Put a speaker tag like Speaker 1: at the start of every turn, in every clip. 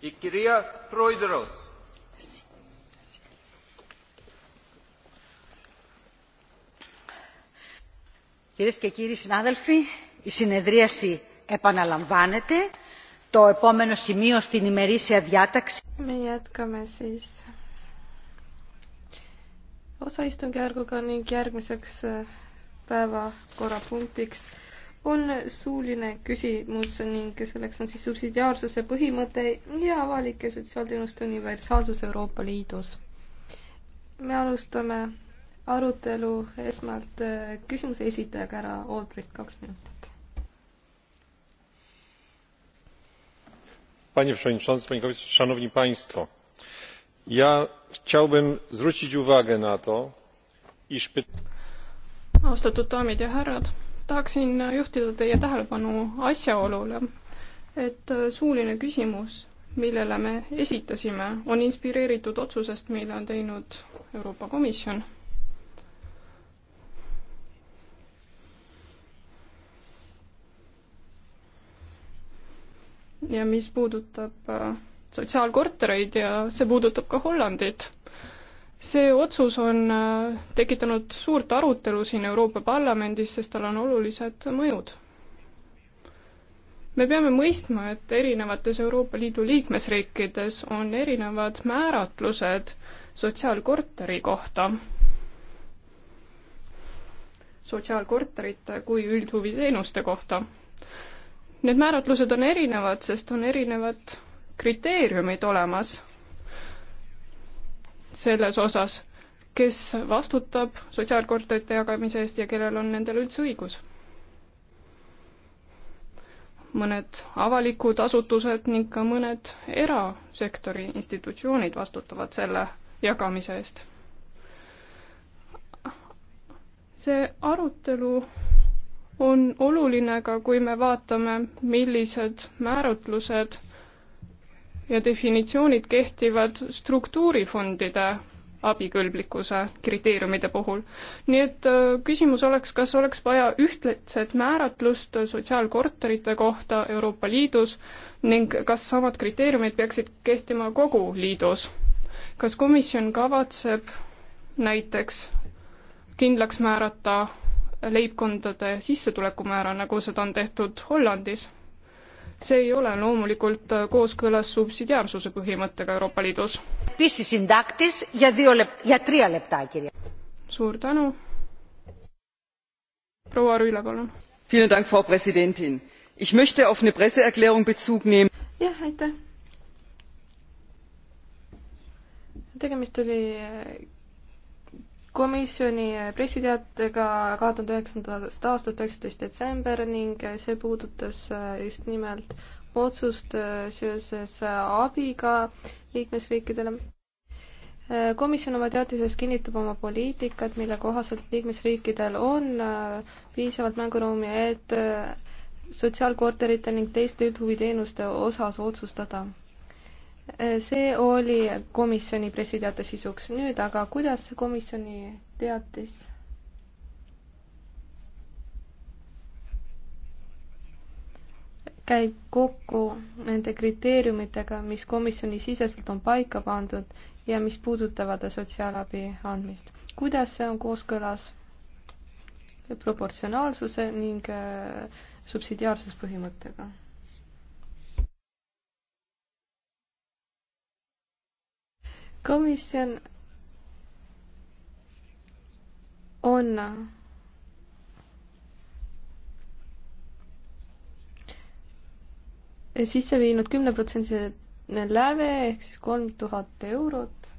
Speaker 1: Η κυρία Πρόεδρος.
Speaker 2: Κυρίες και κύριοι συνάδελφοι, η συνεδρίαση επαναλαμβάνεται. Το επόμενο σημείο στην ημερήσια διάταξη.
Speaker 1: Me jätkame siis osaistungjärguga ning järgmiseks äh, päevakorrapunktiks on suuline küsimus ning selleks on siis subsidiaarsuse põhimõte ja avalike sotsiaalteenuste universaalsus Euroopa Liidus. me alustame arutelu esmalt äh, küsimuse esitajaga härra Oldbrit, kaks minutit.
Speaker 3: Panie Przewodniczący, Panie Komisarzu, Szanowni Państwo. Ja chciałbym zwrócić uwagę na to, iż... Austatud daamid ja härrad tahaksin juhtida teie tähelepanu asjaolule, et suuline küsimus, millele me esitasime, on inspireeritud otsusest, mille on teinud Euroopa Komisjon. ja mis puudutab äh, sotsiaalkortereid ja see puudutab ka Hollandit see otsus on äh, tekitanud suurt arutelu siin Euroopa Parlamendis, sest tal on olulised mõjud. me peame mõistma, et erinevates Euroopa Liidu liikmesriikides on erinevad määratlused sotsiaalkorteri kohta, sotsiaalkorterite kui üldhuviteenuste kohta. Need määratlused on erinevad, sest on erinevad kriteeriumid olemas selles osas, kes vastutab sotsiaalkorterite jagamise eest ja kellel on nendel üldse õigus. mõned avalikud asutused ning ka mõned erasektori institutsioonid vastutavad selle jagamise eest. see arutelu on oluline ka, kui me vaatame, millised määratlused ja definitsioonid kehtivad struktuurifondide abikõlblikkuse kriteeriumide puhul. nii et äh, küsimus oleks, kas oleks vaja ühtlaset määratlust sotsiaalkorterite kohta Euroopa Liidus ning kas samad kriteeriumid peaksid kehtima kogu liidus? kas komisjon kavatseb näiteks kindlaks määrata leibkondade sissetulekumäära, nagu seda on tehtud Hollandis? see ei ole loomulikult kooskõlas subsidiaarsuse põhimõttega Euroopa Liidus. suur tänu. proua Rüüle, palun.
Speaker 2: Frau Präsidentin! Ich möchte auf eine Presseerklärung Bezug nehmen.
Speaker 1: jah, aitäh. tegemist oli komisjoni pressiteatega kahe tuhande üheksandast aastast üheksateist detsember ning see puudutas äh, just nimelt otsust äh, seoses äh, abiga liikmesriikidele. komisjon oma teatises kinnitab oma poliitikat, mille kohaselt liikmesriikidel on piisavalt mänguruumi, et sotsiaalkorterite ning teiste üldhuviteenuste osas otsustada see oli komisjoni pressiteate sisuks. nüüd aga, kuidas komisjoni teatis? käib kokku nende kriteeriumitega, mis komisjoni siseselt on paika pandud ja mis puudutavad sotsiaalabi andmist. kuidas see on kooskõlas proportsionaalsuse ning äh, subsidiaarsuspõhimõttega? komisjon on sisse viinud kümneprotsendise läve ehk siis kolm tuhat eurot,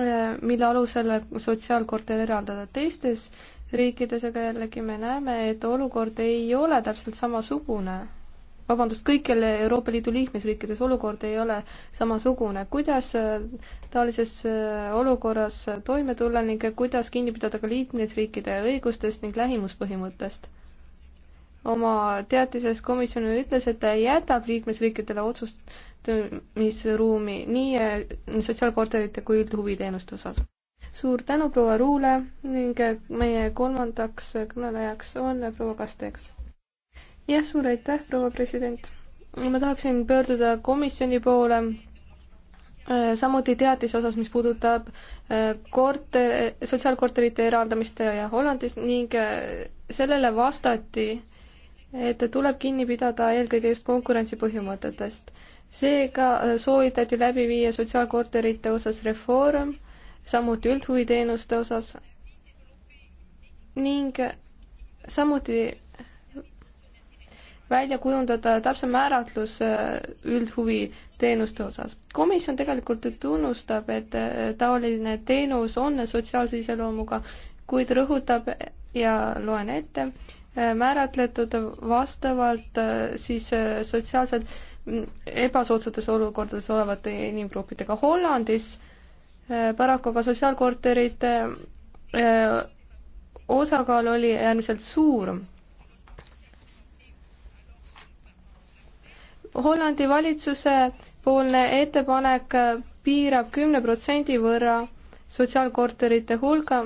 Speaker 1: eh, mille alusel sotsiaalkorter eraldada teistes riikides, aga jällegi me näeme, et olukord ei ole täpselt samasugune vabandust, kõikjal Euroopa Liidu liikmesriikides olukord ei ole samasugune. kuidas äh, taolises äh, olukorras toime tulla ning kuidas kinni pidada ka liikmesriikide õigustest ning lähimuspõhimõttest? oma teatises komisjon ütles, et ta jätab liikmesriikidele otsustamisruumi nii äh, sotsiaalkorterite kui üldhuviteenuste osas. suur tänu, proua Ruule ning meie kolmandaks kõnelejaks on proua Kasteks jah, suur aitäh, proua president. ma tahaksin pöörduda komisjoni poole äh, samuti teatise osas, mis puudutab äh, korter, sotsiaalkorterite eraldamist ja äh, Hollandis ning sellele vastati, et tuleb kinni pidada eelkõige just konkurentsipõhimõtetest. seega soovitati läbi viia sotsiaalkorterite osas reform, samuti üldhuviteenuste osas ning samuti välja kujundada täpsem määratlus äh, üldhuvi teenuste osas. komisjon tegelikult tunnustab, et äh, taoline teenus on sotsiaalse iseloomuga, kuid rõhutab ja loen ette, äh, määratletud vastavalt siis sotsiaalselt mm, ebasoodsates olukordades olevate inimgruppidega. Hollandis paraku ka sotsiaalkorterite osakaal oli äärmiselt suur Hollandi valitsuse poolne ettepanek piirab kümne protsendi võrra sotsiaalkorterite hulka,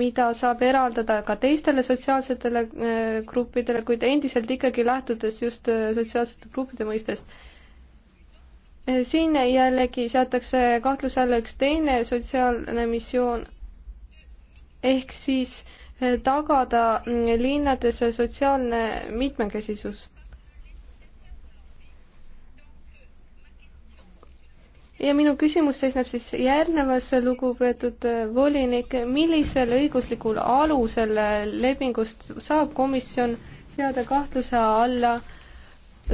Speaker 1: mida saab eraldada ka teistele sotsiaalsetele äh, gruppidele, kuid endiselt ikkagi lähtudes just äh, sotsiaalsete gruppide mõistest. Äh, siin jällegi seatakse kahtluse alla üks teine sotsiaalne missioon ehk siis tagada mm, linnades sotsiaalne mitmekesisus ja minu küsimus seisneb siis järgnevas, lugupeetud äh, volinik, millisel õiguslikul alusel lepingust saab komisjon seada kahtluse alla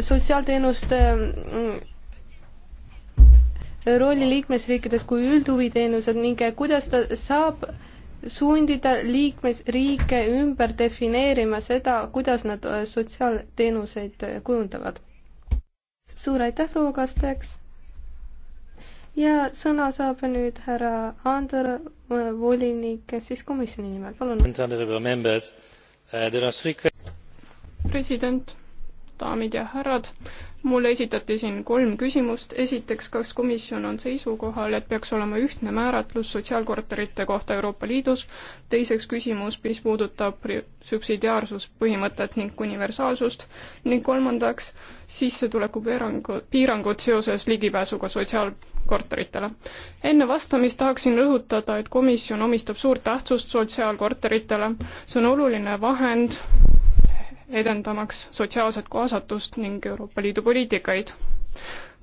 Speaker 1: sotsiaalteenuste äh, rolli liikmesriikides kui üldhuviteenused ning äh, kuidas ta saab sundida liikmesriike ümber defineerima seda, kuidas nad sotsiaalteenuseid kujundavad. suur aitäh, proua Kasteks! ja sõna saab nüüd härra Ander, äh, volinik siis komisjoni nimel, palun. Uh, president daamid ja
Speaker 3: härrad. mulle esitati siin kolm küsimust. esiteks, kas komisjon on seisukohal, et peaks olema ühtne määratlus sotsiaalkorterite kohta Euroopa Liidus? teiseks küsimus, mis puudutab subsidiaarsuspõhimõtet ning universaalsust. ning kolmandaks, sissetulekupiirangud, piirangud seoses ligipääsuga sotsiaalkorteritele. enne vastamist tahaksin rõhutada, et komisjon omistab suurt tähtsust sotsiaalkorteritele. see on oluline vahend edendamaks sotsiaalset kaasatust ning Euroopa Liidu poliitikaid.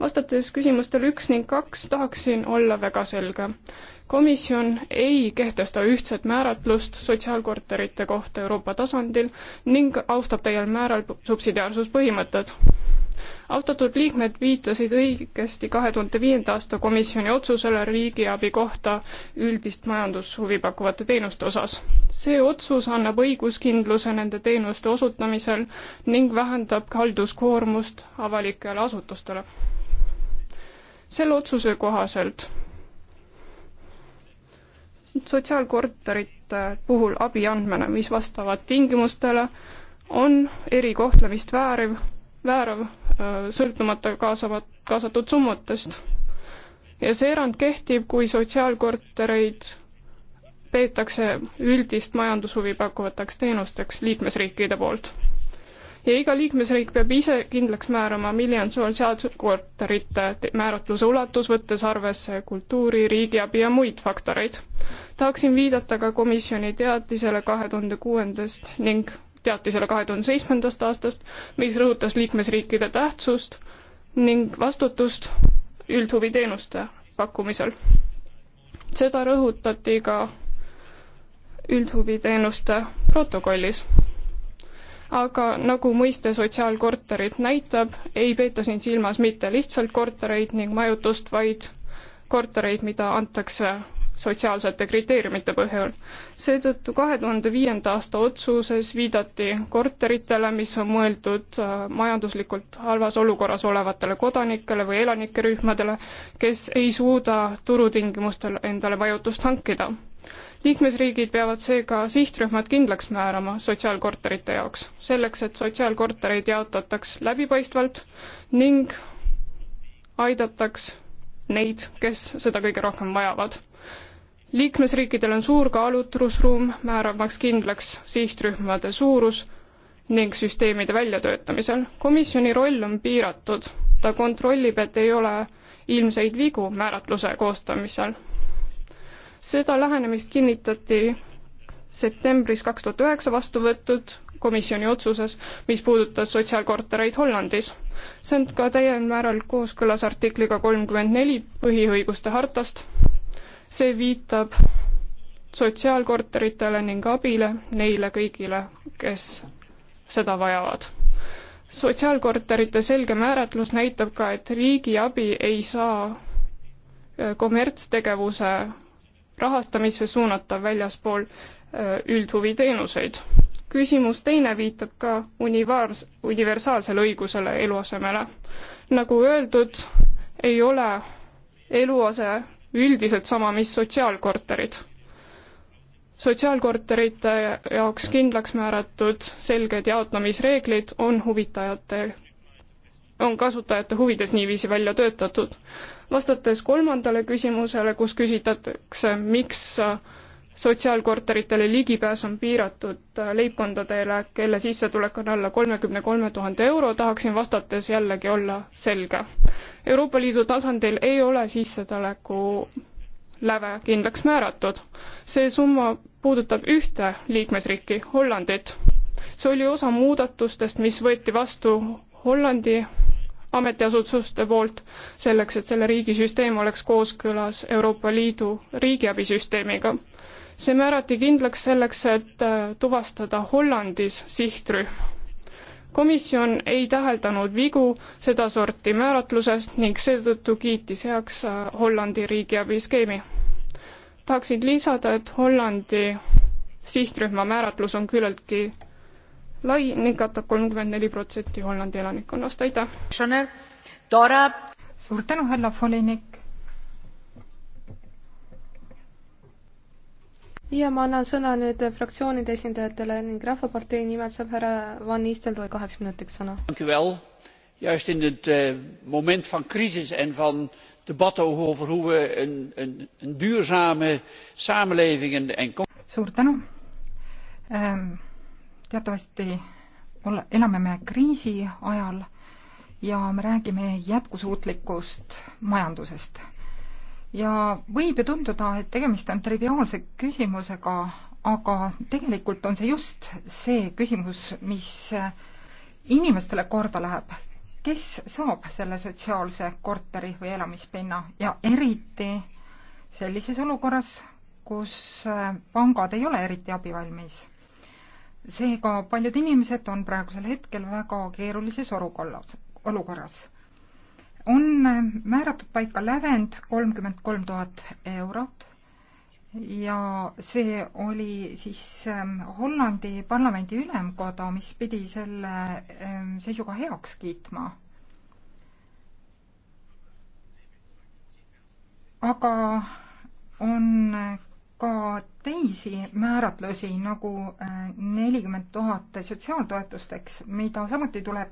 Speaker 3: vastates küsimustele üks ning kaks tahaksin olla väga selge. komisjon ei kehtesta ühtset määratlust sotsiaalkorterite kohta Euroopa tasandil ning austab täiel määral subsidiaarsuspõhimõtet austatud liikmed viitasid õigesti kahe tuhande viienda aasta komisjoni otsusele riigiabi kohta üldist majandushuvi pakkuvate teenuste osas. see otsus annab õiguskindluse nende teenuste osutamisel ning vähendab halduskoormust avalikele asutustele. selle otsuse kohaselt sotsiaalkorterite puhul abi andmine, mis vastavad tingimustele, on erikohtlemist vääriv väärav, sõltumata kaasavat, kaasatud summatest. ja see erand kehtib, kui sotsiaalkortereid peetakse üldist majandushuvi pakkuvateks teenusteks liikmesriikide poolt. ja iga liikmesriik peab ise kindlaks määrama, milline on sotsiaalkorterite määratluse ulatus, võttes arvesse kultuuri, riigiabi ja muid faktoreid. tahaksin viidata ka komisjoni teatisele kahe tuhande kuuendast ning teatisele kahe tuhande seitsmendast aastast, mis rõhutas liikmesriikide tähtsust ning vastutust üldhuviteenuste pakkumisel. seda rõhutati ka üldhuviteenuste protokollis. aga nagu mõiste sotsiaalkorterit näitab, ei peeta siin silmas mitte lihtsalt kortereid ning majutust, vaid kortereid, mida antakse sotsiaalsete kriteeriumite põhjal. seetõttu kahe tuhande viienda aasta otsuses viidati korteritele, mis on mõeldud äh, majanduslikult halvas olukorras olevatele kodanikele või elanikerühmadele, kes ei suuda turutingimustel endale majutust hankida liikmesriigid peavad seega sihtrühmad kindlaks määrama sotsiaalkorterite jaoks, selleks et sotsiaalkortereid jaotataks läbipaistvalt ning aidataks neid, kes seda kõige rohkem vajavad liikmesriikidel on suur kaalutlusruum, määramaks kindlaks sihtrühmade suurus ning süsteemide väljatöötamisel. komisjoni roll on piiratud, ta kontrollib, et ei ole ilmseid vigu määratluse koostamisel. seda lähenemist kinnitati septembris kaks tuhat üheksa vastu võetud komisjoni otsuses, mis puudutas sotsiaalkortereid Hollandis. see on ka täiel määral kooskõlas artikliga kolmkümmend neli põhiõiguste hartast, see viitab sotsiaalkorteritele ning abile neile kõigile, kes seda vajavad. sotsiaalkorterite selge määratlus näitab ka, et riigi abi ei saa kommertstegevuse rahastamisse suunata väljaspool üldhuviteenuseid. küsimus teine viitab ka univaars-, universaalsele õigusele eluasemele. nagu öeldud, ei ole eluase üldiselt sama, mis sotsiaalkorterid. sotsiaalkorterite jaoks kindlaks määratud selged jaotamisreeglid on huvitajate, on kasutajate huvides niiviisi välja töötatud. vastates kolmandale küsimusele, kus küsitakse, miks sotsiaalkorteritele ligipääs on piiratud äh, leibkondadele, kelle sissetulek on alla kolmekümne kolme tuhande euro, tahaksin vastates jällegi olla selge. Euroopa Liidu tasandil ei ole sissetuleku läve kindlaks määratud. see summa puudutab ühte liikmesriiki, Hollandit. see oli osa muudatustest, mis võeti vastu Hollandi ametiasutuste poolt selleks, et selle riigi süsteem oleks kooskõlas Euroopa Liidu riigiabisüsteemiga see määrati kindlaks selleks, et äh, tuvastada Hollandis sihtrühm. komisjon ei täheldanud vigu sedasorti määratlusest ning seetõttu kiitis heaks äh, Hollandi riigiabiskeemi. tahaksin lisada, et Hollandi sihtrühma määratlus on küllaltki lai ning katab kolmkümmend neli protsenti Hollandi elanikkonnast,
Speaker 2: aitäh! suur tänu, härra Folinik!
Speaker 1: ja ma annan sõna nüüd fraktsioonide esindajatele ning Rahvapartei nimel saab härra Van Nistelrooy kaheks minutiks sõna.
Speaker 2: Juist in het uh, moment van crisis en van debatten over hoe we een, een, een duurzame samenleving en, en... Suur tänu. Ähm, teatavasti olla, elame me kriisi ajal ja me räägime jätkusuutlikust majandusest ja võib ju tunduda, et tegemist on triviaalse küsimusega, aga tegelikult on see just see küsimus, mis inimestele korda läheb. kes saab selle sotsiaalse korteri või elamispinna ja eriti sellises olukorras, kus äh, pangad ei ole eriti abivalmis. seega paljud inimesed on praegusel hetkel väga keerulises olukorras, olukorras on määratud paika lävend kolmkümmend kolm tuhat eurot ja see oli siis ähm, Hollandi parlamendi ülemkoda, mis pidi selle ähm, seisuga heaks kiitma. aga on ka teisi määratlusi, nagu äh, nelikümmend tuhat sotsiaaltoetusteks, mida samuti tuleb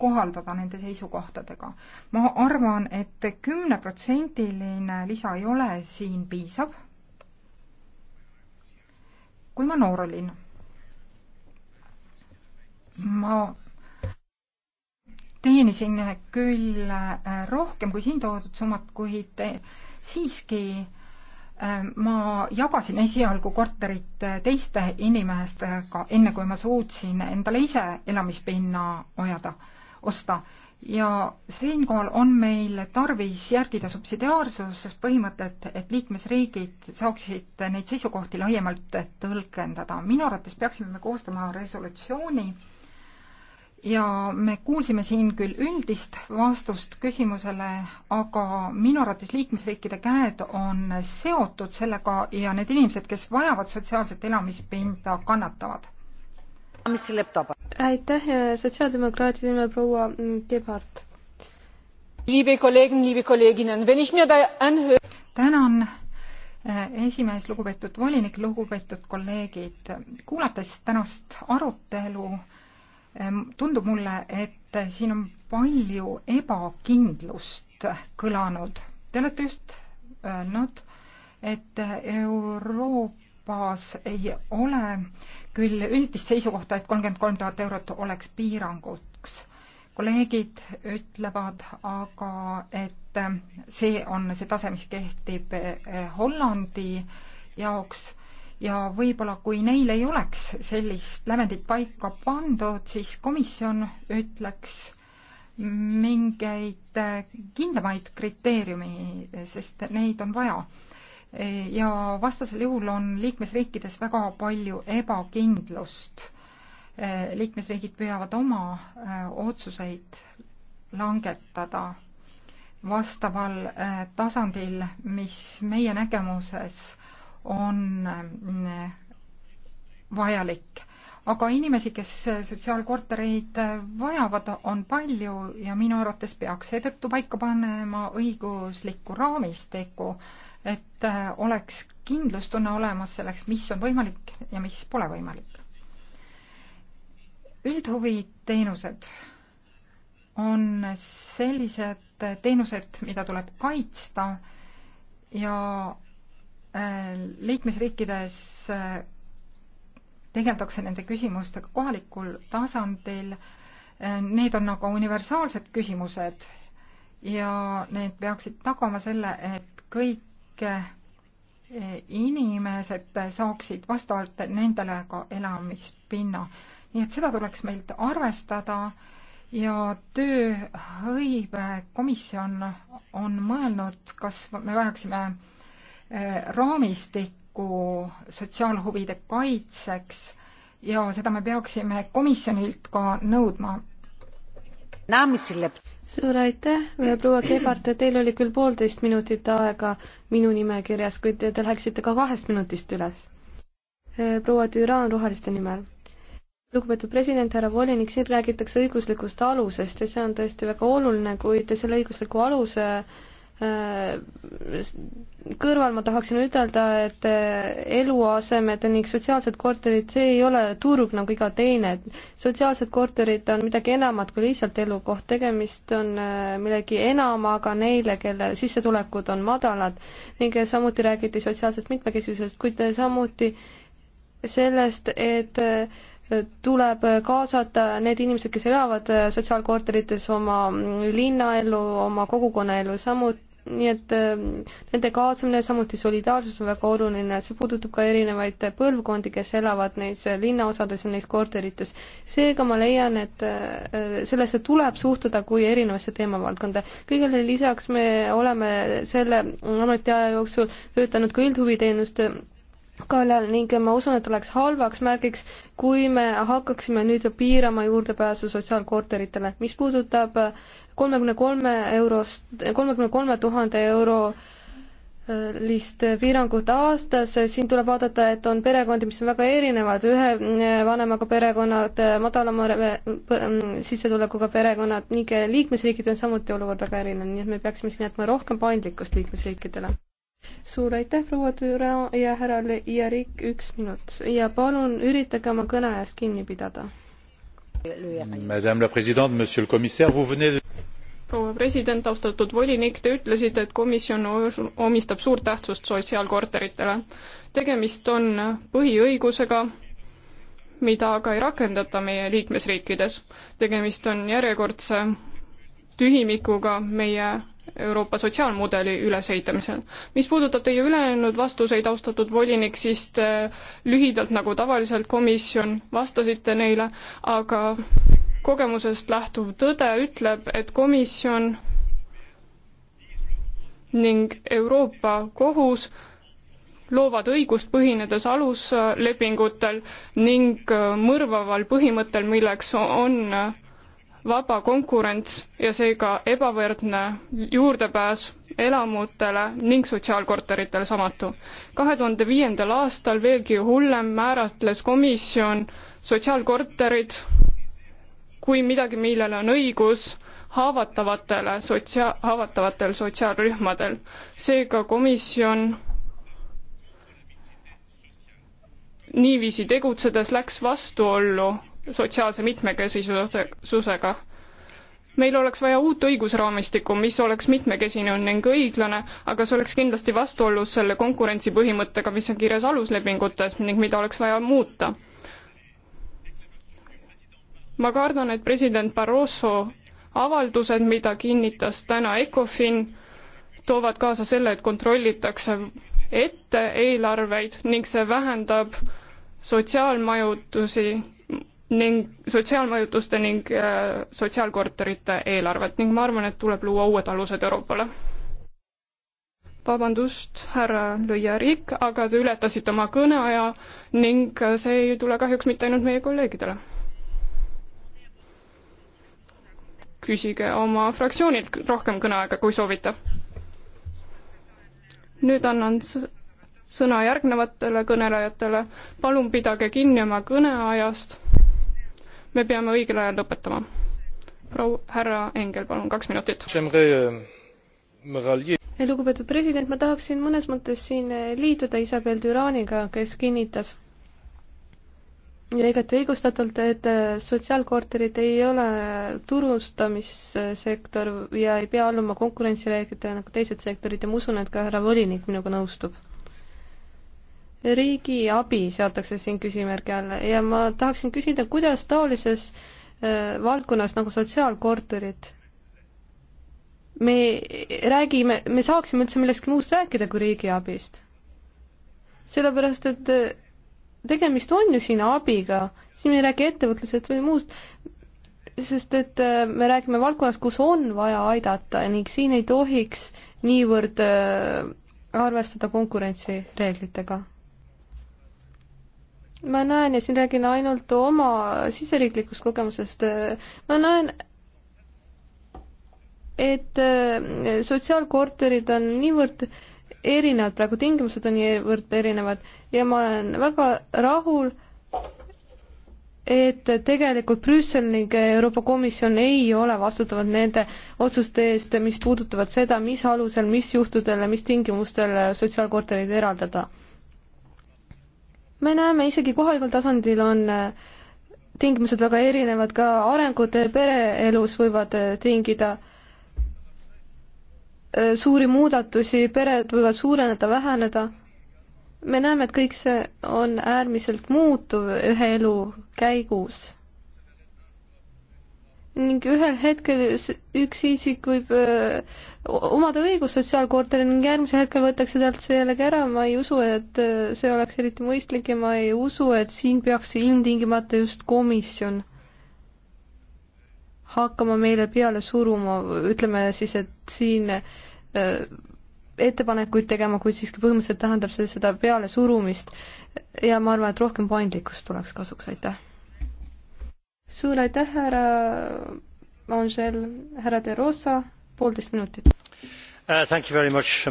Speaker 2: kohaldada nende seisukohtadega. ma arvan et, et kümneprotsendiline lisa ei ole siin piisav. kui ma noor olin, ma teenisin küll äh, rohkem kui siin toodud summad, kuid äh, siiski äh, ma jagasin esialgu korterit teiste inimestega, enne kui ma suutsin endale ise elamispinna ajada osta. ja siinkohal on meil tarvis järgida subsidiaarsuses põhimõtet, et liikmesriigid saaksid neid seisukohti laiemalt tõlgendada. minu arvates peaksime me koostama resolutsiooni, ja me kuulsime siin küll üldist vastust küsimusele, aga minu arvates liikmesriikide käed on seotud sellega ja need inimesed, kes vajavad sotsiaalset elamispinda, kannatavad
Speaker 1: aitäh, sotsiaaldemokraatide nimel proua
Speaker 2: Gebhardt. tänan, äh, esimees, lugupeetud volinik, lugupeetud kolleegid. kuulates tänast arutelu, ähm, tundub mulle, et siin on palju ebakindlust kõlanud. Te olete just öelnud, et Euroopa Euroopas ei ole küll üldist seisukohta, et kolmkümmend kolm tuhat eurot oleks piiranguks. kolleegid ütlevad aga, et see on see tase, mis kehtib eh, Hollandi jaoks ja võib-olla kui neil ei oleks sellist lävendit paika pandud, siis komisjon ütleks mingeid eh, kindlamaid kriteeriumi, sest neid on vaja ja vastasel juhul on liikmesriikides väga palju ebakindlust. Äh, liikmesriigid püüavad oma äh, otsuseid langetada vastaval äh, tasandil, mis meie nägemuses on vajalik. aga inimesi, kes sotsiaalkortereid vajavad, on palju ja minu arvates peaks seetõttu paika panema õiguslikku raamistikku, et äh, oleks kindlustunne olemas selleks, mis on võimalik ja mis pole võimalik. üldhuviteenused on sellised teenused, mida tuleb kaitsta ja äh, liikmesriikides äh, tegeldakse nende küsimustega kohalikul tasandil. Need on nagu universaalsed küsimused ja need peaksid tagama selle, et kõik Eh, inimesed saaksid vastavalt nendele ka elamispinna. nii et seda tuleks meilt arvestada ja tööhõivekomisjon on mõelnud, kas me vajaksime eh, raamistikku sotsiaalhuvide kaitseks ja seda me peaksime komisjonilt ka nõudma
Speaker 1: suur aitäh, äh, proua Kebart, teil oli küll poolteist minutit aega minu nimekirjas, kuid te läheksite ka kahest minutist üles. Äh, proua Düran Roheliste nimel. lugupeetud president, härra volinik, siin räägitakse õiguslikust alusest ja see on tõesti väga oluline, kuid selle õigusliku aluse äh, Äh, kõrval ma tahaksin ütelda, et äh, eluasemed ning sotsiaalsed korterid, see ei ole turg nagu iga teine. sotsiaalsed korterid on midagi enamat kui lihtsalt elukoht, tegemist on äh, millegi enamaga neile, kelle sissetulekud on madalad ning samuti räägiti sotsiaalsest mitmekesisusest, kuid samuti sellest, et tuleb kaasata need inimesed, kes elavad sotsiaalkorterites oma mm, linnaellu, oma kogukonnaellu, samuti nii et ähm, nende kaasamine, samuti solidaarsus on väga oluline, see puudutab ka erinevaid põlvkondi, kes elavad neis linnaosades ja neis korterites. seega ma leian, et äh, sellesse tuleb suhtuda kui erinevasse teemavaldkonda. kõigele lisaks me oleme selle ametiaja jooksul töötanud ka üldhuviteenuste kallal ning ma usun, et oleks halvaks märgiks, kui me hakkaksime nüüd piirama juurdepääsu sotsiaalkorteritele. mis puudutab kolmekümne kolme eurost, kolmekümne kolme tuhande euro äh, list piirangut aastas, siin tuleb vaadata, et on perekondi, mis on väga erinevad, ühe äh, vanemaga perekonnad, äh, madalama sissetulekuga perekonnad ning liikmesriigid on samuti olukord väga erinev, nii et me peaksime siin jätma rohkem paindlikkust liikmesriikidele suur aitäh, proua Türa ja härrale Jarik, üks minut ja palun üritage oma kõne eest kinni pidada.
Speaker 2: Madame la présidente, monsieur le commissaire, vous venez de
Speaker 3: proua president, austatud volinik, te ütlesite, et komisjon omistab suurt tähtsust sotsiaalkorteritele. tegemist on põhiõigusega, mida aga ei rakendata meie liikmesriikides. tegemist on järjekordse tühimikuga meie Euroopa sotsiaalmudeli ülesehitamisel. mis puudutab teie ülejäänud vastuseid, austatud volinik, siis te lühidalt, nagu tavaliselt komisjon, vastasite neile, aga kogemusest lähtuv tõde ütleb, et komisjon ning Euroopa Kohus loovad õigust põhinedes aluslepingutel ning mõrvaval põhimõttel, milleks on vaba konkurents ja seega ebavõrdne juurdepääs elamutele ning sotsiaalkorteritele samatu. kahe tuhande viiendal aastal veelgi hullem määratles komisjon sotsiaalkorterid kui midagi, millel on õigus haavatavatele sotsia-, haavatavatel sotsiaalrühmadel. seega komisjon niiviisi tegutsedes läks vastuollu sotsiaalse mitmekesisusega. meil oleks vaja uut õigusraamistikku, mis oleks mitmekesine ning õiglane, aga see oleks kindlasti vastuolus selle konkurentsipõhimõttega, mis on kirjas aluslepingutes ning mida oleks vaja muuta. ma kardan, et president Barroso avaldused, mida kinnitas täna Ecofin, toovad kaasa selle, et kontrollitakse ette eelarveid ning see vähendab sotsiaalmajutusi ning sotsiaalmõjutuste ning äh, sotsiaalkorterite eelarvet ning ma arvan, et tuleb luua uued alused Euroopale. vabandust, härra Lüüa-Riik, aga te ületasite oma kõneaja ning see ei tule kahjuks mitte ainult meie kolleegidele. küsige oma fraktsioonilt rohkem kõneaega, kui soovite. nüüd annan sõna järgnevatele kõnelejatele, palun pidage kinni oma kõneajast me peame õigel ajal lõpetama. proua, härra Engel,
Speaker 1: palun, kaks minutit. Euh, eh, lugupeetud president, ma tahaksin mõnes mõttes siin eh, liituda Isabel Düraniga, kes kinnitas ja igati õigustatult, et eh, sotsiaalkorterid ei ole turustamissektor ja ei pea alluma konkurentsireeglitele nagu teised sektorid ja ma usun, et ka härra volinik minuga nõustub riigi abi seatakse siin küsimärgi alla ja ma tahaksin küsida, kuidas taolises äh, valdkonnas nagu sotsiaalkorterid me räägime, me saaksime üldse millestki muust rääkida kui riigiabist. sellepärast, et äh, tegemist on ju siin abiga, siin me ei räägi ettevõtlusest või muust, sest et äh, me räägime valdkonnast, kus on vaja aidata ning siin ei tohiks niivõrd arvestada konkurentsireeglitega ma näen ja siin räägin ainult oma siseriiklikust kogemusest, ma näen, et äh, sotsiaalkorterid on niivõrd erinevad praegu, tingimused on niivõrd erinevad ja ma olen väga rahul, et tegelikult Brüssel ning Euroopa Komisjon ei ole vastutavad nende otsuste eest, mis puudutavad seda, mis alusel, mis juhtudel ja mis tingimustel sotsiaalkortereid eraldada me näeme isegi kohalikul tasandil on äh, tingimused väga erinevad, ka arengud pereelus võivad äh, tingida äh, suuri muudatusi, pered võivad suureneda, väheneda. me näeme, et kõik see on äärmiselt muutuv ühe elu käigus ning ühel hetkel üks isik võib öö, omada õigust sotsiaalkorterile ning järgmisel hetkel võetakse talt see jällegi ära, ma ei usu, et see oleks eriti mõistlik ja ma ei usu, et siin peaks ilmtingimata just komisjon hakkama meile peale suruma, ütleme siis, et siin öö, ettepanekuid tegema, kuid siiski põhimõtteliselt tähendab see seda pealesurumist ja ma arvan, et rohkem paindlikkust tuleks kasuks, aitäh suur aitäh, härra Angel, härra
Speaker 2: De Rosa, poolteist minutit uh,. Much,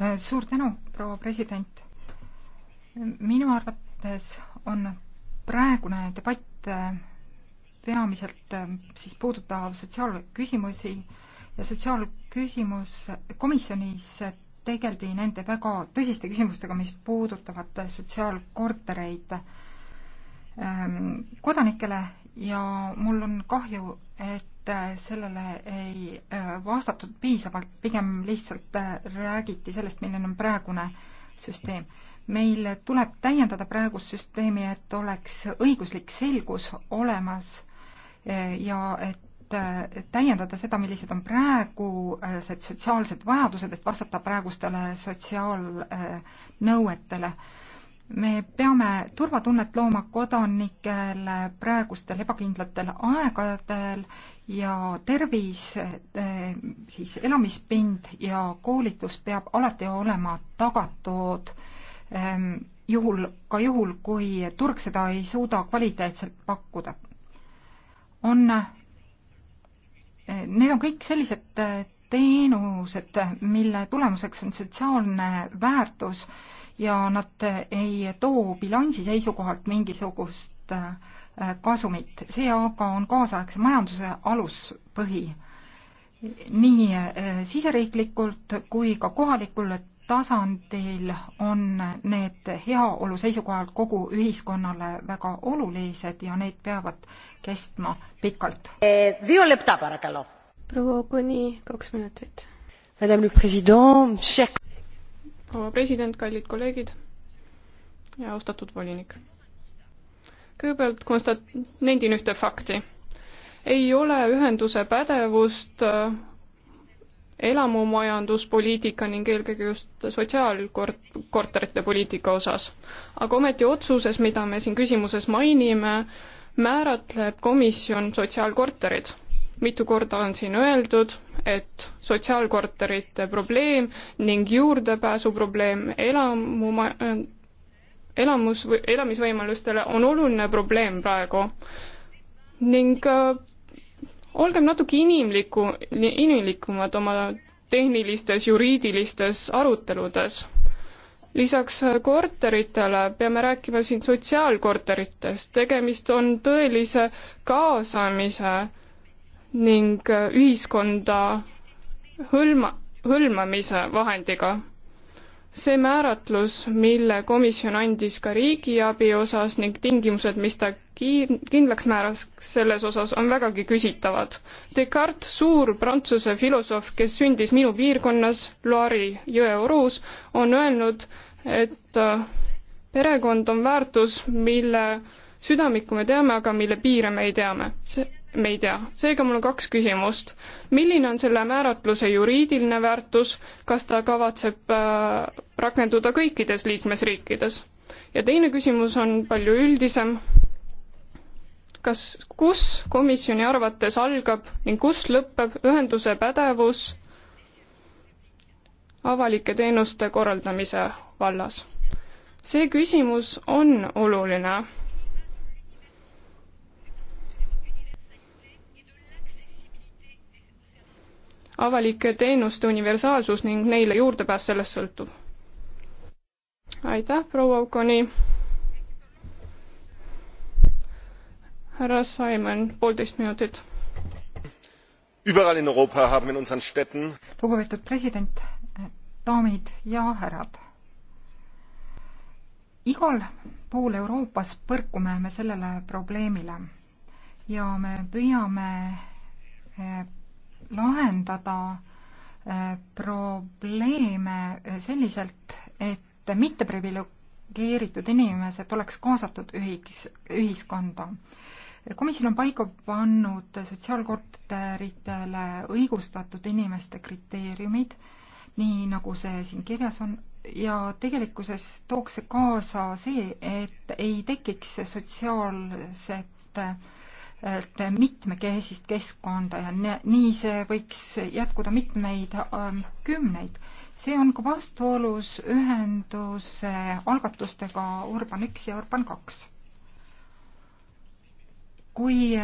Speaker 2: uh, suur tänu, proua president. minu arvates on praegune debatt uh, peamiselt uh, siis puudutav sotsiaalküsimusi ja sotsiaalküsimus komisjonis tegeldi nende väga tõsiste küsimustega, mis puudutavad sotsiaalkortereid Ähm, kodanikele ja mul on kahju, et äh, sellele ei äh, vastatud piisavalt, pigem lihtsalt äh, räägiti sellest, milline on praegune süsteem. meil tuleb täiendada praegust süsteemi, et oleks õiguslik selgus olemas ja et täiendada seda, millised on praegused sotsiaalsed vajadused, et vastata praegustele sotsiaalnõuetele äh, me peame turvatunnet looma kodanikele praegustel ebakindlatel aegadel ja tervis, eh, siis elamispind ja koolitus peab alati olema tagatud ehm, juhul, ka juhul, kui turg seda ei suuda kvaliteetselt pakkuda. on, eh, need on kõik sellised eh, teenused, mille tulemuseks on sotsiaalne väärtus ja nad ei too bilansi seisukohalt mingisugust äh, kasumit. see aga on kaasaegse majanduse aluspõhi. nii äh, siseriiklikult kui ka kohalikul tasandil on need heaolu seisukohalt kogu ühiskonnale väga olulised ja need peavad kestma pikalt. Eh,
Speaker 1: proua Kuni, kaks minutit. Madame le Président, chers
Speaker 3: proua president, kallid kolleegid ja austatud volinik. kõigepealt konstat-, nendin ühte fakti. ei ole ühenduse pädevust äh, elamumajanduspoliitika ning eelkõige just sotsiaalkorterite poliitika osas. aga ometi otsuses, mida me siin küsimuses mainime, määratleb komisjon sotsiaalkorterid mitu korda on siin öeldud, et sotsiaalkorterite probleem ning juurdepääsu probleem elamu, elamus, elamisvõimalustele on oluline probleem praegu. ning äh, olgem natuke inimliku, inimlikumad oma tehnilistes, juriidilistes aruteludes. lisaks äh, korteritele peame rääkima siin sotsiaalkorteritest, tegemist on tõelise kaasamise ning äh, ühiskonda hõlma, hõlmamise vahendiga. see määratlus, mille komisjon andis ka riigiabi osas ning tingimused, mis ta kiir-, kindlaks määras selles osas, on vägagi küsitavad. Descartes, suur prantsuse filosoof, kes sündis minu piirkonnas, Loari jõe orus, on öelnud, et äh, perekond on väärtus, mille südamikku me teame, aga mille piire me ei teame. see, me ei tea. seega mul on kaks küsimust. milline on selle määratluse juriidiline väärtus, kas ta kavatseb äh, rakenduda kõikides liikmesriikides? ja teine küsimus on palju üldisem. kas, kus komisjoni arvates algab ning kus lõpeb ühenduse pädevus avalike teenuste korraldamise vallas? see küsimus on oluline avalike teenuste universaalsus ning neile juurdepääs sellest sõltub. aitäh, proua Okoni. härra Simon, poolteist minutit.
Speaker 2: lugupeetud president, daamid ja härrad. igal pool Euroopas põrkume me sellele probleemile ja me püüame eh, lahendada äh, probleeme äh, selliselt, et mitteprivilegeeritud inimesed oleks kaasatud ühiks, ühiskonda. komisjon on paika pannud sotsiaalkorteritele õigustatud inimeste kriteeriumid, nii nagu see siin kirjas on, ja tegelikkuses tooks see kaasa see, et ei tekiks sotsiaalset äh, mitmekesist keskkonda ja nii see võiks jätkuda mitmeid ähm, kümneid. see on ka vastuolus ühenduse algatustega Urban üks ja Urban kaks. kui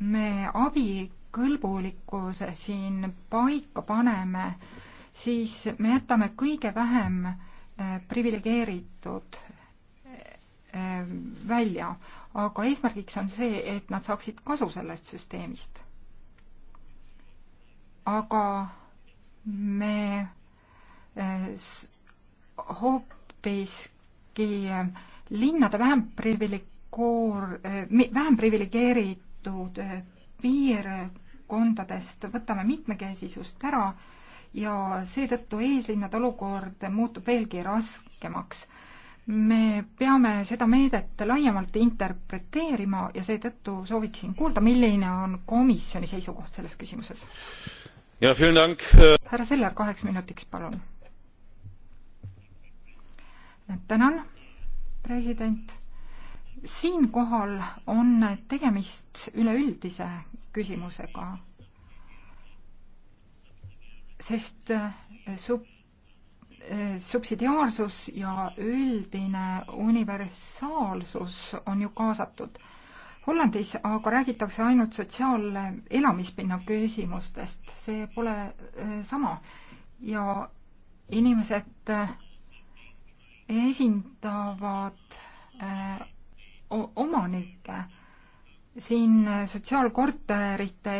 Speaker 2: me abikõlbulikkuse siin paika paneme, siis me jätame kõige vähem äh, priviligeeritud äh, välja aga eesmärgiks on see, et nad saaksid kasu sellest süsteemist. aga me eh, hoopiski eh, linnade vähem priviligoor-, eh, vähem priviligeeritud piirkondadest võtame mitmekesisust ära ja seetõttu eeslinnade olukord muutub veelgi raskemaks me peame seda meedet laiemalt interpreteerima ja seetõttu sooviksin kuulda, milline on komisjoni seisukoht selles küsimuses.
Speaker 1: härra
Speaker 2: Seller, kaheks minutiks, palun. tänan, president. siinkohal on tegemist üleüldise küsimusega, sest eh, sub-, subsidiaarsus ja üldine universaalsus on ju kaasatud. Hollandis aga räägitakse ainult sotsiaalelamispinna küsimustest, see pole äh, sama ja inimesed äh, esindavad äh, omanikke siin sotsiaalkorterite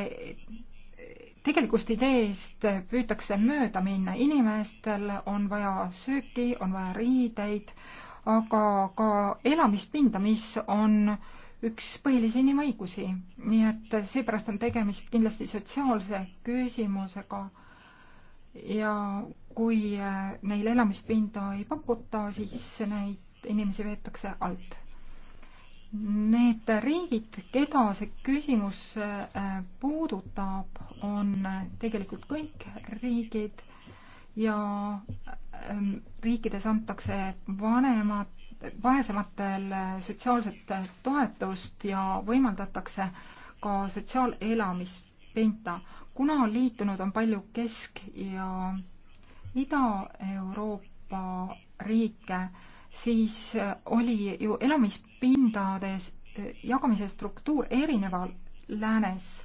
Speaker 2: tegelikust ideest püütakse mööda minna, inimestel on vaja sööki, on vaja riideid, aga ka elamispinda, mis on üks põhilisi inimõigusi. nii et seepärast on tegemist kindlasti sotsiaalse küsimusega ja kui neile elamispinda ei pakuta, siis neid inimesi veetakse alt Need riigid, keda see küsimus äh, puudutab, on tegelikult kõik riigid ja ähm, riikides antakse vanemad, vaesematel äh, sotsiaalset äh, toetust ja võimaldatakse ka sotsiaalelamispinta. kuna liitunud on palju Kesk- ja Ida-Euroopa riike, siis oli ju elamis pindade jagamise struktuur erineval läänes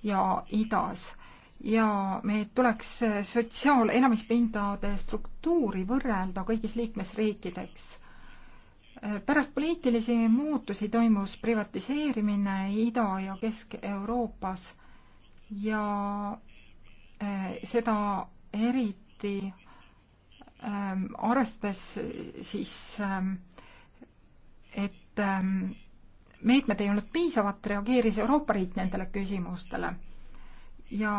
Speaker 2: ja idas ja meil tuleks sotsiaalelamispindade struktuuri võrrelda kõigis liikmesriikideks. pärast poliitilisi muutusi toimus privatiseerimine Ida- ja Kesk-Euroopas ja eh, seda eriti eh, arvestades siis, eh, et Ähm, meetmed ei olnud piisavad, reageeris Euroopa Liit nendele küsimustele. ja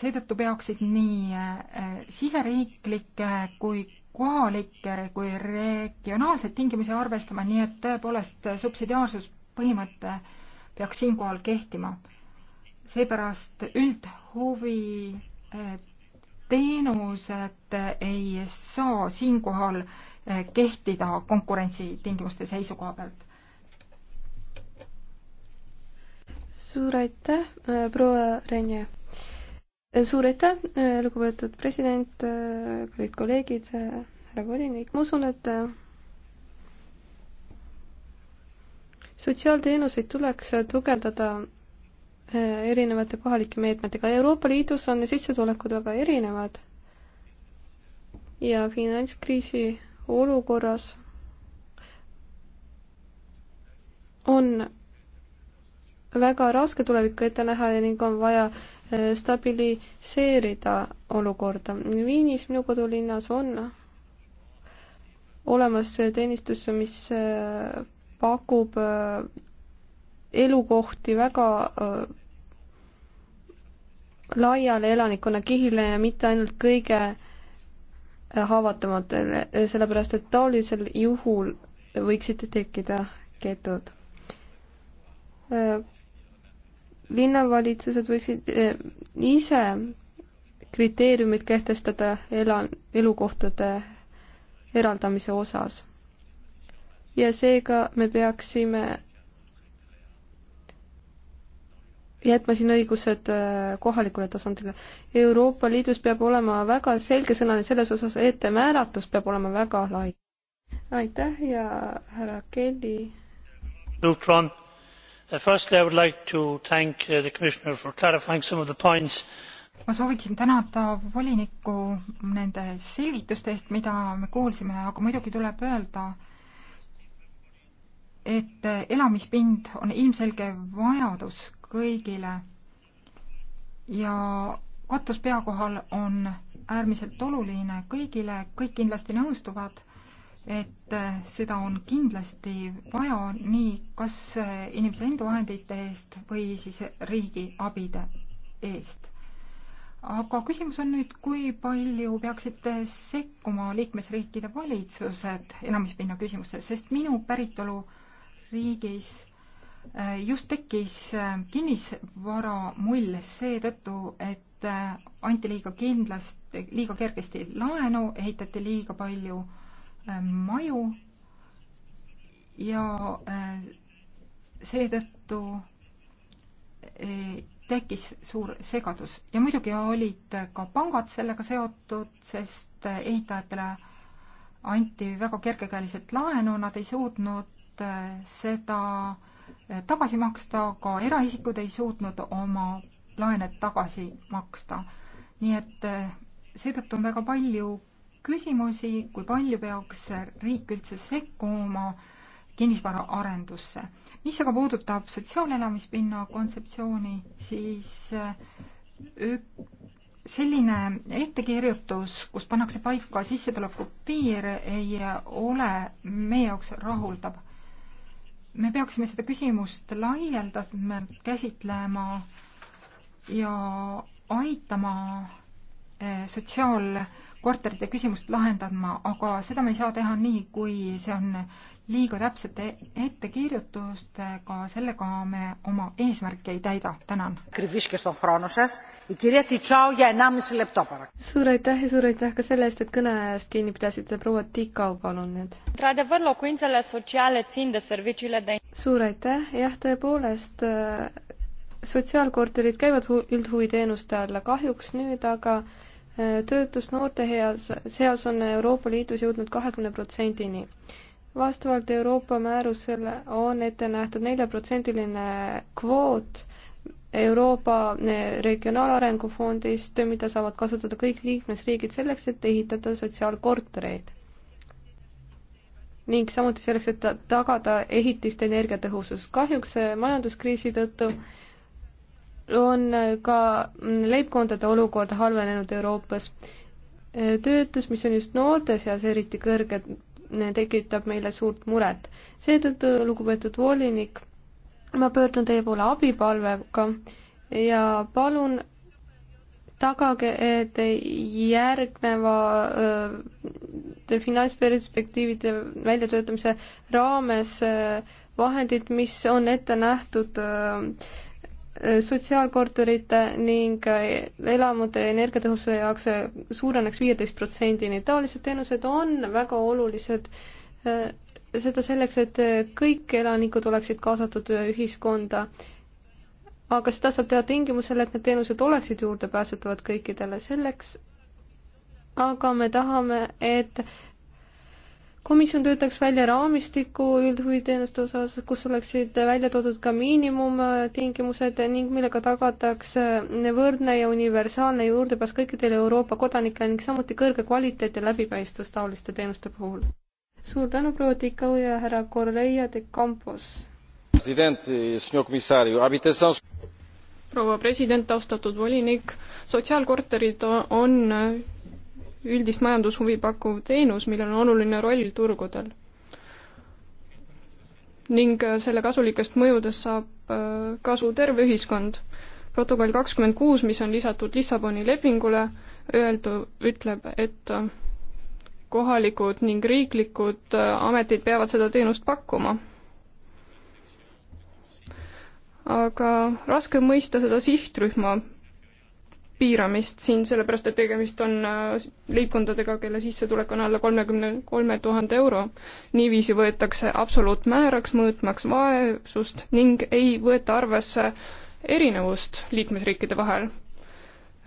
Speaker 2: seetõttu peaksid nii äh, siseriiklikke kui kohalikke kui regionaalseid tingimusi arvestama, nii et tõepoolest äh, subsidiaarsuspõhimõte peaks siinkohal kehtima. seepärast üldhuvi äh, teenused ei saa siinkohal eh, kehtida konkurentsitingimuste seisukoha pealt. suur aitäh,
Speaker 1: eh, proua Renje. Eh, suur aitäh, lugupeetud president, kõik kolleegid, härra volinik, ma usun, et sotsiaalteenuseid tuleks tugevdada Äh, erinevate kohalike meetmetega. Euroopa Liidus on sissetulekud väga erinevad ja finantskriisi olukorras on väga raske tulevikku ette näha ja ning on vaja äh, stabiliseerida olukorda. Viinis, minu kodulinnas, on olemas teenistus, mis äh, pakub elukohti väga äh, laiale elanikkonnakihile ja mitte ainult kõige äh, haavatavamatele, äh, sellepärast et taolisel juhul võiksid tekkida getod. linnavalitsused võiksid ise kriteeriumid kehtestada elan-, elukohtade eraldamise osas. ja seega me peaksime jätma siin õigused äh, kohalikule tasandile. Euroopa Liidus peab olema väga selgesõnaline selles osas, et määratlus peab olema väga lai. aitäh ja härra
Speaker 2: Kelly.
Speaker 3: Uh, firstly I would like to thank uh, the commissioner for clarifying some of the points
Speaker 2: ma sooviksin tänada volinikku nende selgituste eest, mida me kuulsime, aga muidugi tuleb öelda, et elamispind on ilmselge vajadus kõigile ja katus pea kohal on äärmiselt oluline kõigile, kõik kindlasti nõustuvad, et seda on kindlasti vaja nii kas inimese enda vahendite eest või siis riigi abide eest. aga küsimus on nüüd, kui palju peaksid sekkuma liikmesriikide valitsused elamispinna küsimuses, sest minu päritoluriigis just tekkis äh, kinnisvara mull seetõttu, et äh, anti liiga kindlast, liiga kergesti laenu, ehitati liiga palju äh, maju ja seetõttu tekkis suur segadus ja muidugi olid ka pangad sellega seotud, sest ehitajatele anti väga kergekäeliselt laenu, nad ei suutnud seda tagasi maksta, ka eraisikud ei suutnud oma laene tagasi maksta. nii et eh, seetõttu on väga palju küsimusi, kui palju peaks riik üldse sekkuma kinnisvara arendusse. mis aga puudutab sotsiaalelamispinna kontseptsiooni, siis eh, selline ettekirjutus, kus pannakse paika sissetuleku piir, ei ole meie jaoks rahuldav me peaksime seda küsimust laialdasemalt käsitlema ja aitama eh, sotsiaalkorterite küsimust lahendama, aga seda me ei saa teha nii, kui see on liiga täpsete ettekirjutustega, sellega me oma eesmärki ei täida. tänan.
Speaker 1: suur aitäh ja suur aitäh ka selle eest, et kõne ajast kinni pidasite. proua Tikau, palun nüüd. suur aitäh, jah, tõepoolest äh, sotsiaalkorterid käivad üldhuviteenuste alla kahjuks nüüd, aga äh, töötus noorte heas, seas on Euroopa Liidus jõudnud kahekümne protsendini vastavalt Euroopa määrusele on ette nähtud neljaprotsendiline kvoot Euroopa eh, Regionaalarengu Fondist, mida saavad kasutada kõik liikmesriigid selleks, et ehitada sotsiaalkortereid. ning samuti selleks, et tagada ehitiste energiatõhusus. kahjuks eh, majanduskriisi tõttu on eh, ka mm, leibkondade olukord halvenenud Euroopas töötus, mis on just noorte seas eriti kõrge, tekitab meile suurt muret. seetõttu, lugupeetud volinik, ma pöördun teie poole abipalvega ja palun tagage, et järgneva finantsperspektiivide väljatöötamise raames öö, vahendid, mis on ette nähtud öö, sotsiaalkorterite ning elamute energiatõhususe jaoks suureneks viieteist protsendini. taolised teenused on väga olulised, eh, seda selleks, et kõik elanikud oleksid kaasatud ühiskonda. aga seda saab teha tingimusel, et need teenused oleksid juurdepääsetavad kõikidele, selleks aga me tahame, et komisjon töötaks välja raamistiku üldhuviteenuste osas, kus oleksid välja toodud ka miinimumtingimused ning millega tagatakse võrdne ja universaalne juurdepääs kõikidele Euroopa kodanikele ning samuti kõrge kvaliteet ja läbipaistvus taoliste teenuste puhul. suur tänu, proua Tikau ja härra Correia de Campos. proua
Speaker 3: president, austatud volinik, sotsiaalkorterid on üldist majandushuvi pakkuv teenus, millel on oluline roll turgudel. ning äh, selle kasulikest mõjudest saab äh, kasu terve ühiskond. protokoll kakskümmend kuus, mis on lisatud Lissaboni lepingule, öeldu, ütleb, et äh, kohalikud ning riiklikud ametid peavad seda teenust pakkuma. aga raske on mõista seda sihtrühma, piiramist siin, sellepärast et tegemist on äh, leibkondadega, kelle sissetulek on alla kolmekümne kolme tuhande euro. niiviisi võetakse absoluutmääraks, mõõtmaks vaesust ning ei võeta arvesse erinevust liikmesriikide vahel.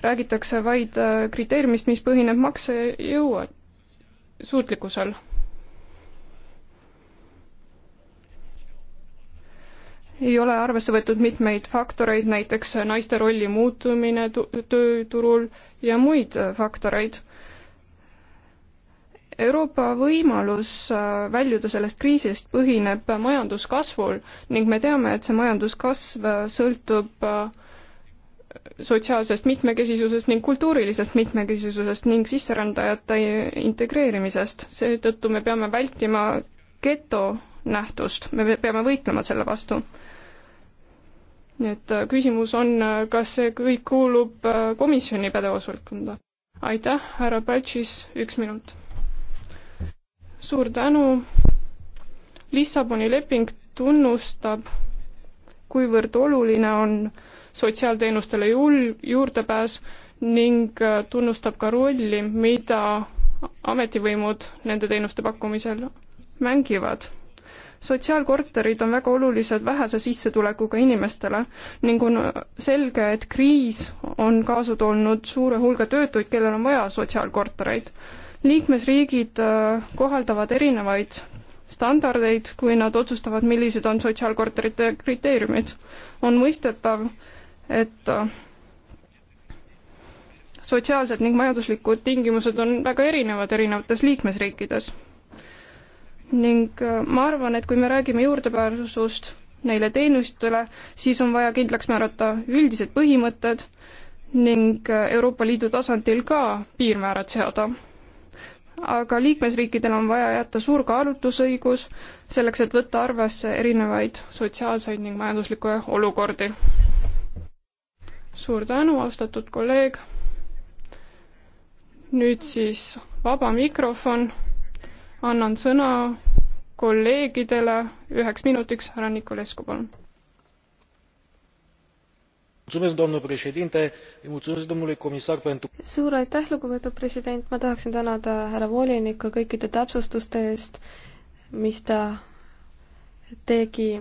Speaker 3: räägitakse vaid äh, kriteeriumist, mis põhineb maksejõu suutlikkusel ei ole arvesse võetud mitmeid faktoreid, näiteks naiste rolli muutumine tööturul ja muid äh, faktoreid. Euroopa võimalus äh, väljuda sellest kriisist põhineb majanduskasvul ning me teame, et see majanduskasv äh, sõltub sotsiaalsest mitmekesisusest ning kultuurilisest mitmekesisusest ning sisserändajate integreerimisest. seetõttu me peame vältima geto nähtust, me peame võitlema selle vastu nii et äh, küsimus on, äh, kas see kõik kuulub äh, komisjoni pädevusvaldkonda? aitäh, härra Pätšis, üks minut. suur tänu. Lissaboni leping tunnustab, kuivõrd oluline on sotsiaalteenustele juul-, juurdepääs ning tunnustab ka rolli, mida ametivõimud nende teenuste pakkumisel mängivad sotsiaalkorterid on väga olulised vähese sissetulekuga inimestele ning on selge, et kriis on kaasa toonud suure hulga töötuid, kellel on vaja sotsiaalkortereid. liikmesriigid äh, kohaldavad erinevaid standardeid, kui nad otsustavad, millised on sotsiaalkorterite kriteeriumid. on mõistetav, et äh, sotsiaalsed ning majanduslikud tingimused on väga erinevad erinevates liikmesriikides ning äh, ma arvan, et kui me räägime juurdepääsust neile teenustele, siis on vaja kindlaks määrata üldised põhimõtted ning äh, Euroopa Liidu tasandil ka piirmäärad seada. aga liikmesriikidel on vaja jätta suur kaalutlusõigus selleks, et võtta arvesse erinevaid sotsiaalseid ning majanduslikke olukordi. suur tänu, austatud kolleeg. nüüd siis vaba mikrofon annan sõna kolleegidele üheks minutiks, härra Nikolescu, palun.
Speaker 1: suur aitäh, lugupeetud president, ma tahaksin tänada härra volinikku kõikide täpsustuste eest, mis ta tegi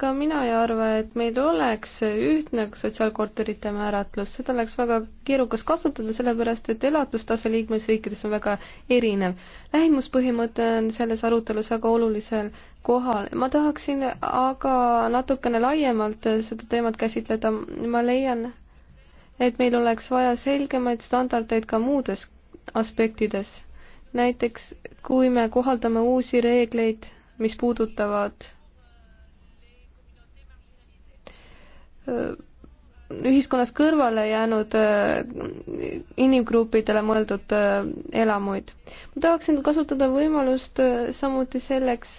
Speaker 1: ka mina ei arva, et meil oleks ühtne sotsiaalkorterite määratlus, seda oleks väga keerukas kasutada, sellepärast et elatustase liikmesriikides on väga erinev. lähimuspõhimõte on selles arutelus väga olulisel kohal. ma tahaksin aga natukene laiemalt seda teemat käsitleda, ma leian, et meil oleks vaja selgemaid standardeid ka muudes aspektides. näiteks kui me kohaldame uusi reegleid, mis puudutavad Äh, ühiskonnas kõrvale jäänud äh, inimgruppidele mõeldud äh, elamuid. ma tahaksin kasutada võimalust samuti selleks,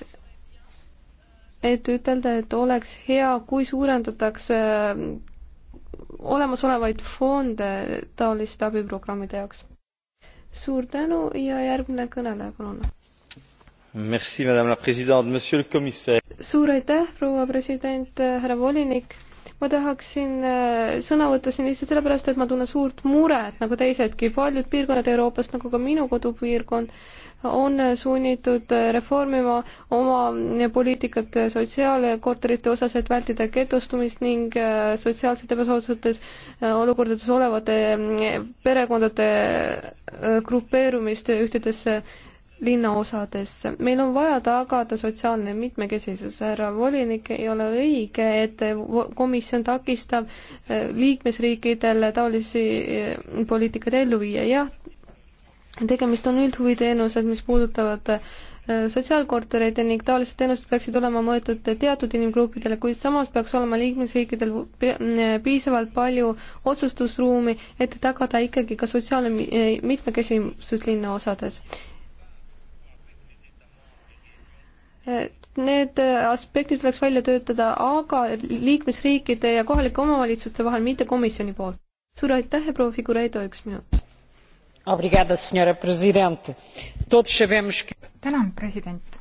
Speaker 1: et ütelda, et oleks hea, kui suurendatakse olemasolevaid fonde taoliste abiprogrammide jaoks. suur tänu ja järgmine kõneleja, palun. Merci, madame la president, monsieur le commissaire. suur aitäh, proua president, härra volinik ma tahaksin äh, sõna võtta siin lihtsalt sellepärast, et ma tunnen suurt muret, nagu teisedki, paljud piirkonnad Euroopast, nagu ka minu kodupiirkond, on sunnitud äh, reformima oma äh, poliitikat sotsiaalkorterite osas, et vältida getostumist ning sotsiaalselt ebasoodsates olukordades olevate perekondade grupeerumist ühtedesse linnaosadesse. meil on vaja tagada sotsiaalne mitmekesisus, härra volinik, ei ole õige, et komisjon takistab äh, liikmesriikidel taolisi äh, poliitikaid ellu viia, jah, tegemist on üldhuviteenused, mis puudutavad äh, sotsiaalkortereid ning taolised teenused peaksid olema mõeldud teatud inimgruppidele, kuid samas peaks olema liikmesriikidel piisavalt palju otsustusruumi, et tagada ikkagi ka sotsiaalne mitmekesisus linnaosades Need aspektid tuleks välja töötada aga liikmesriikide ja kohalike omavalitsuste vahel, mitte komisjoni poolt. suur aitäh ja proua Figureido, üks minut.
Speaker 2: tänan, president.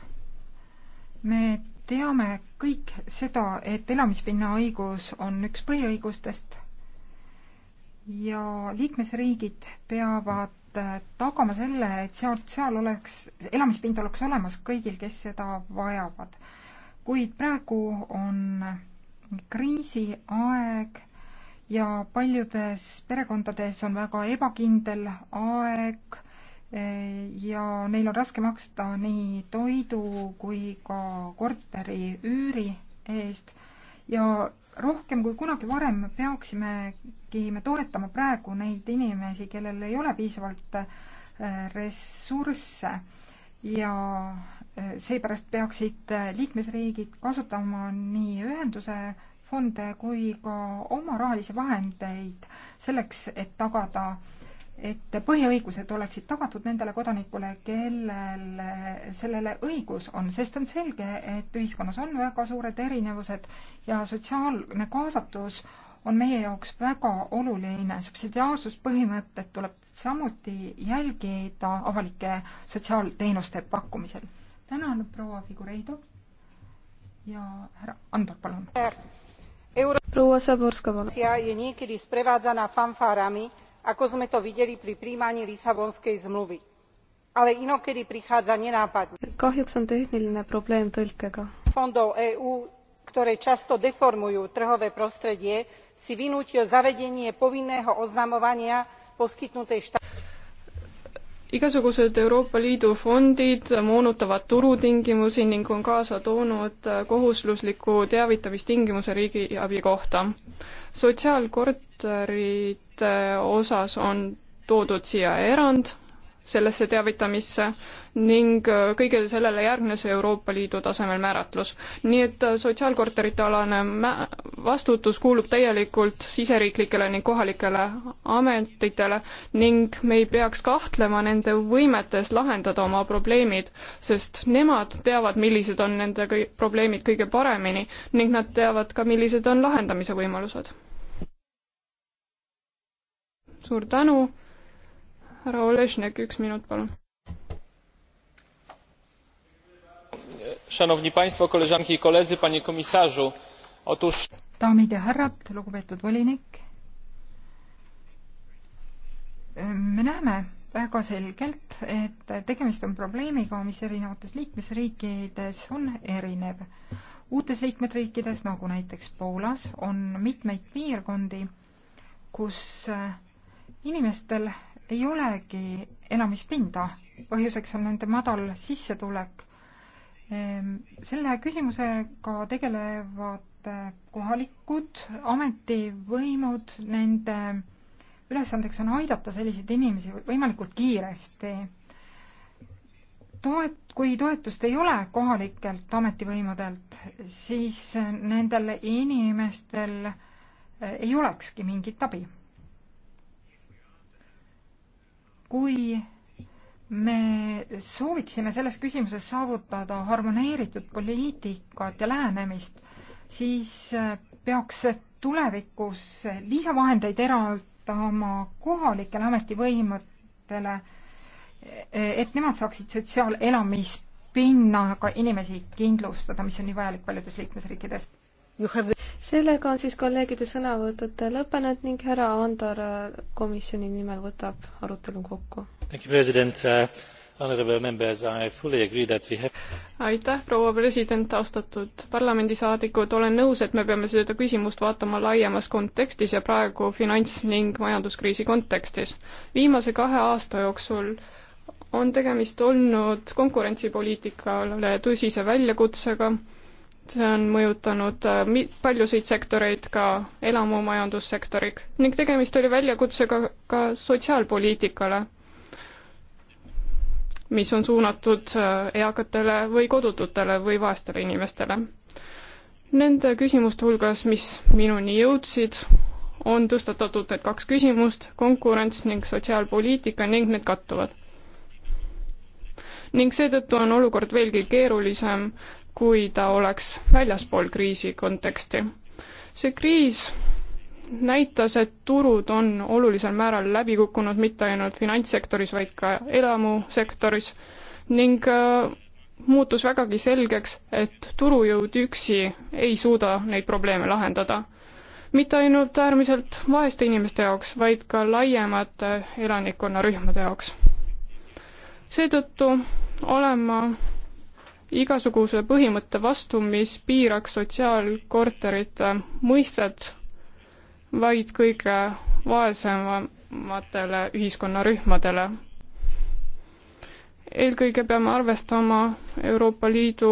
Speaker 2: me teame kõik seda, et elamispinnaõigus on üks põhiõigustest ja liikmesriigid peavad Äh, tagama selle, et seal, seal oleks, elamispind oleks olemas kõigil, kes seda vajavad. kuid praegu on kriisiaeg ja paljudes perekondades on väga ebakindel aeg äh, ja neil on raske maksta nii toidu kui ka korteri üüri eest ja rohkem kui kunagi varem peaksimegi me toetama praegu neid inimesi, kellel ei ole piisavalt äh, ressursse ja äh, seepärast peaksid äh, liikmesriigid kasutama nii ühenduse fonde kui ka oma rahalisi vahendeid selleks, et tagada et põhiõigused oleksid tagatud nendele kodanikule, kellel sellele õigus on, sest on selge, et ühiskonnas on väga suured erinevused ja sotsiaalne kaasatus on meie jaoks väga oluline, subsidiaarsuspõhimõtet tuleb samuti jälgida avalike sotsiaalteenuste pakkumisel. tänan, proua Figureido ja härra Andor, palun. proua Saborska, palun. je niekedy sprevádzaná fanfárami ako sme to videli pri prijímaní lisabonskej zmluvy ale inokedy prichádza nenápadne.
Speaker 1: kahjuks on tehniline probleem tõlkega.
Speaker 2: fondov eú ktoré často deformujú trhové prostredie si vynútil zavedenie povinného oznamovania poskytnutej štatútnej
Speaker 3: igasugused Euroopa Liidu fondid moonutavad turutingimusi ning on kaasa toonud äh, kohustusliku teavitamistingimuse riigiabi kohta. sotsiaalkorterite äh, osas on toodud siia erand sellesse teavitamisse, ning äh, kõigele sellele järgnes Euroopa Liidu tasemel määratlus. nii et äh, sotsiaalkorterite alane mä-, vastutus kuulub täielikult siseriiklikele ning kohalikele ametitele ning me ei peaks kahtlema nende võimetes lahendada oma probleemid, sest nemad teavad, millised on nende kõi-, probleemid kõige paremini ning nad teavad ka, millised on lahendamise võimalused. suur tänu, härra Olešnik, üks
Speaker 2: minut, palun daamid ja härrad lugupeetud volinik me näeme väga selgelt et tegemist on probleemiga mis erinevates liikmesriikides on erinev uutes liikmesriikides nagu näiteks Poolas on mitmeid piirkondi kus inimestel ei olegi elamispinda põhjuseks on nende madal sissetulek Ehm, selle küsimusega tegelevad eh, kohalikud ametivõimud, nende ülesandeks on aidata selliseid inimesi võimalikult kiiresti. toet-, kui toetust ei ole kohalikelt ametivõimudelt, siis nendel inimestel eh, ei olekski mingit abi. kui me sooviksime selles küsimuses saavutada harmoneeritud poliitikat ja lähenemist, siis äh, peaks tulevikus lisavahendeid eraldama kohalikele ametivõimudele, e, et nemad saaksid sotsiaalelamispinnaga inimesi kindlustada, mis on nii vajalik paljudes liikmesriikides
Speaker 1: The... sellega on siis kolleegide sõnavõtud lõppenud ning härra Andor komisjoni nimel võtab arutelu kokku. Uh, aitäh, proua president,
Speaker 3: austatud parlamendisaadikud, olen nõus, et me peame seda küsimust vaatama laiemas kontekstis ja praegu finants- ning majanduskriisi kontekstis. viimase kahe aasta jooksul on tegemist olnud konkurentsipoliitikale tõsise väljakutsega see on mõjutanud äh, paljusid sektoreid, ka elamumajandussektorit ning tegemist oli väljakutsega ka, ka sotsiaalpoliitikale, mis on suunatud äh, eakatele või kodututele või vaestele inimestele. Nende küsimuste hulgas, mis minuni jõudsid, on tõstatatud need kaks küsimust, konkurents ning sotsiaalpoliitika ning need kattuvad ning seetõttu on olukord veelgi keerulisem kui ta oleks väljaspool kriisi konteksti. see kriis näitas, et turud on olulisel määral läbi kukkunud mitte ainult finantssektoris, vaid ka elamusektoris ning äh, muutus vägagi selgeks, et turujõud üksi ei suuda neid probleeme lahendada. mitte ainult äärmiselt vaeste inimeste jaoks, vaid ka laiemate elanikkonnarühmade jaoks. seetõttu olen ma igasuguse põhimõtte vastu, mis piiraks sotsiaalkorterite äh, mõistet vaid kõige vaesematele ühiskonnarühmadele. eelkõige peame arvestama Euroopa Liidu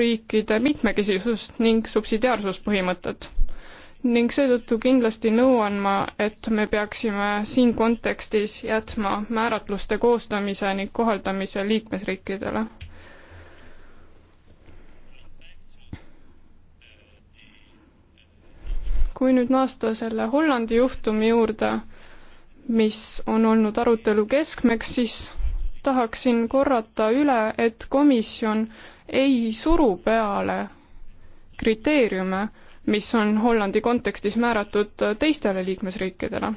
Speaker 3: riikide mitmekesisust ning subsidiaarsuspõhimõtet. ning seetõttu kindlasti nõuan ma, et me peaksime siin kontekstis jätma määratluste koostamise ning kohaldamise liikmesriikidele kui nüüd naasta selle Hollandi juhtumi juurde, mis on olnud arutelu keskmeks, siis tahaksin korrata üle, et komisjon ei suru peale kriteeriume, mis on Hollandi kontekstis määratud teistele liikmesriikidele.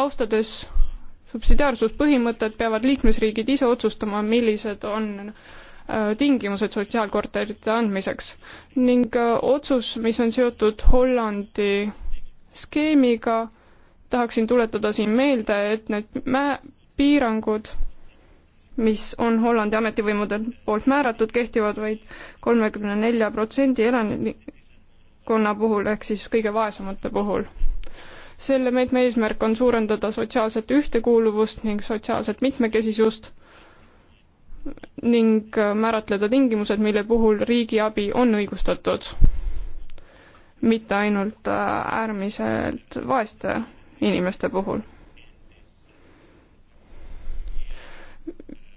Speaker 3: austades subsidiaarsuspõhimõtet, peavad liikmesriigid ise otsustama, millised on äh, Äh, tingimused sotsiaalkorterite andmiseks ning äh, otsus, mis on seotud Hollandi skeemiga, tahaksin tuletada siin meelde, et need mä-, piirangud, mis on Hollandi ametivõimude poolt määratud, kehtivad vaid kolmekümne nelja protsendi elanikkonna puhul ehk siis kõige vaesemate puhul. selle meetme eesmärk on suurendada sotsiaalset ühtekuuluvust ning sotsiaalset mitmekesisust ning äh, määratleda tingimused, mille puhul riigiabi on õigustatud. mitte ainult äh, äärmiselt vaeste inimeste puhul.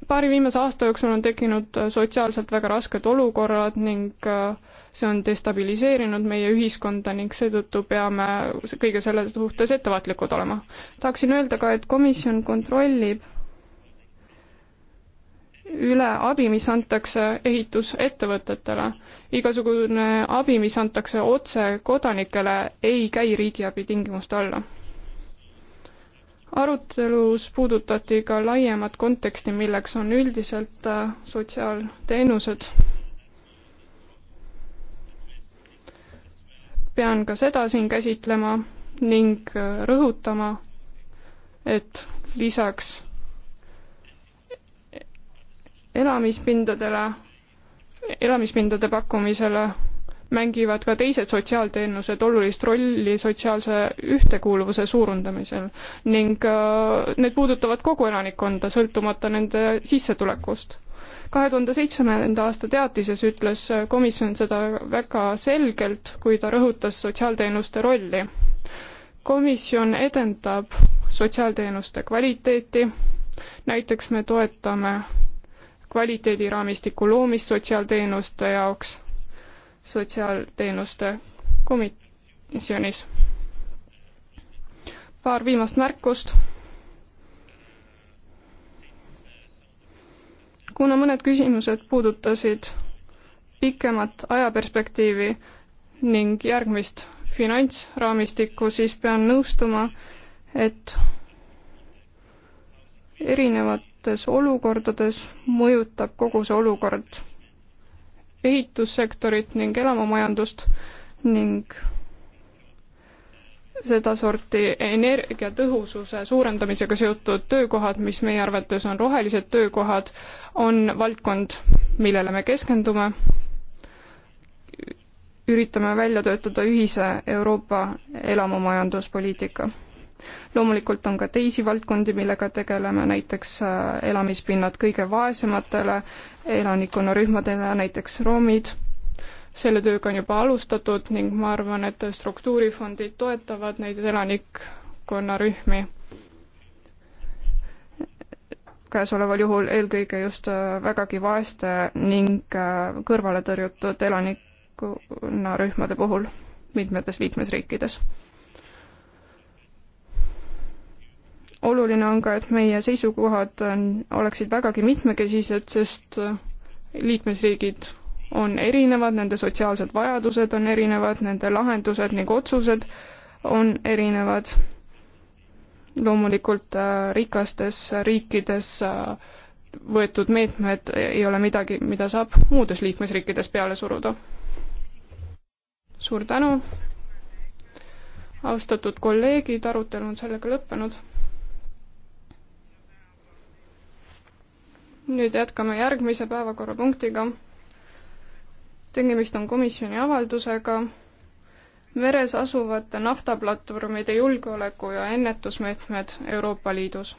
Speaker 3: paari viimase aasta jooksul on tekkinud äh, sotsiaalselt väga rasked olukorrad ning see on destabiliseerinud meie ühiskonda ning seetõttu peame kõige selle suhtes ettevaatlikud olema. tahaksin öelda ka, et komisjon kontrollib üle abi, mis antakse ehitusettevõtetele. igasugune abi, mis antakse otse kodanikele, ei käi riigiabi tingimuste alla. arutelus puudutati ka laiemat konteksti, milleks on üldiselt äh, sotsiaalteenused. pean ka seda siin käsitlema ning äh, rõhutama, et lisaks elamispindadele, elamispindade pakkumisele mängivad ka teised sotsiaalteenused olulist rolli sotsiaalse ühtekuuluvuse suurendamisel ning äh, need puudutavad kogu elanikkonda, sõltumata nende sissetulekust. kahe tuhande seitsmenda aasta teatises ütles komisjon seda väga selgelt, kui ta rõhutas sotsiaalteenuste rolli. komisjon edendab sotsiaalteenuste kvaliteeti, näiteks me toetame kvaliteediraamistiku loomist sotsiaalteenuste jaoks sotsiaalteenuste komisjonis. paar viimast märkust. kuna mõned küsimused puudutasid pikemat ajaperspektiivi ning järgmist finantsraamistikku, siis pean nõustuma, et erinevad erinevates olukordades mõjutab kogu see olukord ehitussektorit ning elamumajandust ning sedasorti energiatõhususe suurendamisega seotud töökohad, mis meie arvates on rohelised töökohad, on valdkond, millele me keskendume. üritame välja töötada ühise Euroopa elamumajanduspoliitika loomulikult on ka teisi valdkondi, millega tegeleme, näiteks äh, elamispinnad kõige vaesematele elanikkonnarühmadele, näiteks roomid, selle tööga on juba alustatud ning ma arvan, et struktuurifondid toetavad neid elanikkonnarühmi käesoleval juhul eelkõige just äh, vägagi vaeste ning äh, kõrvaletõrjutud elanikkonnarühmade puhul mitmetes liikmesriikides. oluline on ka, et meie seisukohad on, oleksid vägagi mitmekesised, sest äh, liikmesriigid on erinevad, nende sotsiaalsed vajadused on erinevad, nende lahendused ning otsused on erinevad. loomulikult äh, rikastes riikides äh, võetud meetmed ei ole midagi, mida saab muudes liikmesriikides peale suruda. suur tänu, austatud kolleegid, arutelu on sellega lõppenud nüüd jätkame järgmise päevakorrapunktiga. tegemist on komisjoni avaldusega meres asuvate naftaplatvormide julgeoleku ja ennetusmeetmed Euroopa Liidus